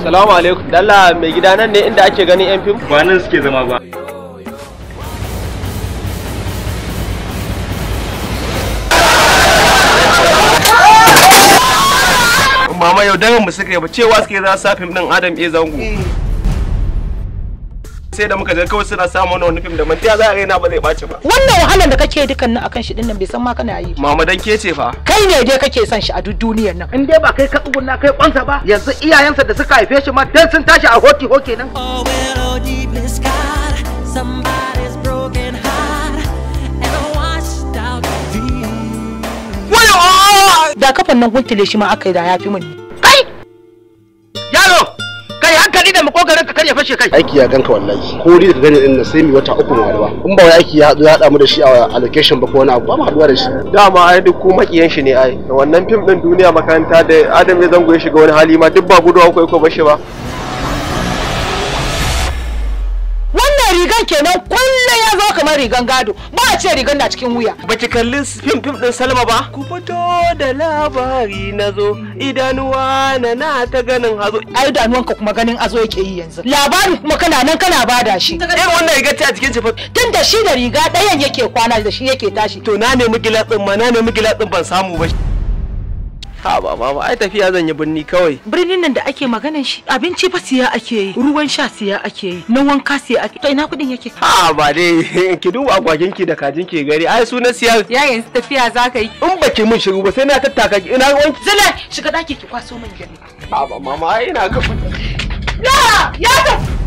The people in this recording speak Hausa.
Salamu alaikum. Dalla mai gida nan ne inda ake ganin 'yan fim? Ba nan suke zama ba. Mama yau daren mu suka ba cewa suke za su fim ɗin Adam e Zango. Eh. sai da muka je kawai suna samu wani fim da mantiya za a raina ba zai ɓaci ba wannan wahalar da kake dukan nan akan shi dinnan bai san ma kana yi mama dan ke ce fa kai ne dai kake son shi a duk duniyar nan in dai ba kai ka tsugunna kai kwansa ba yanzu iyayensa da suka haife shi ma dan sun tashi a hoti hoki nan. Oh, oh, da ah! kafan nan guntule shi ma aka yi da yafi mun. kanka ka ya fashe kai aiki ya ganka wallahi ko ni da gani din na sai mi wata uku ma ba in ba wai aiki ya hadu ya hada mu da shi a allocation ba ko wani abu ba mu haduwa da shi dama ai duk ku makiyan shi ne ai wannan fim din duniya makaranta da Adam ya zango ya shiga wani hali ma duk ba guduwa ko ko bashi ba wannan rigar kenan kullum kuma rigan gado ba a ce rigan na cikin wuya baki kalli fim fim din salma ba ku fito da labari na zo idanuwa na na ta ganin hazo ai ka kuma ganin azo yake yi yanzu labarin kuma kana nan kana bada shi eh wannan rigar ta cikin cifa tun da shi da riga ɗayan yake kwana da shi yake tashi to na nemi gilatsin ma na nemi gilatsin ban samu ba ha ba ba, ai tafiya zan yi birni kawai birnin nan da ake maganan shi abinci fa siya ake yi ruwan sha siya ake yi na wanka siya ake to ina kudin yake ha ba dai ki duba agwagin ki da kajin ki gari ai su na siya ya yanzu tafiya za ka yi in ki mun shiru ba sai na tattaka ki ina wanki zile shiga daki ki kwaso min gari ha ba ma ai ina ga na ya tafi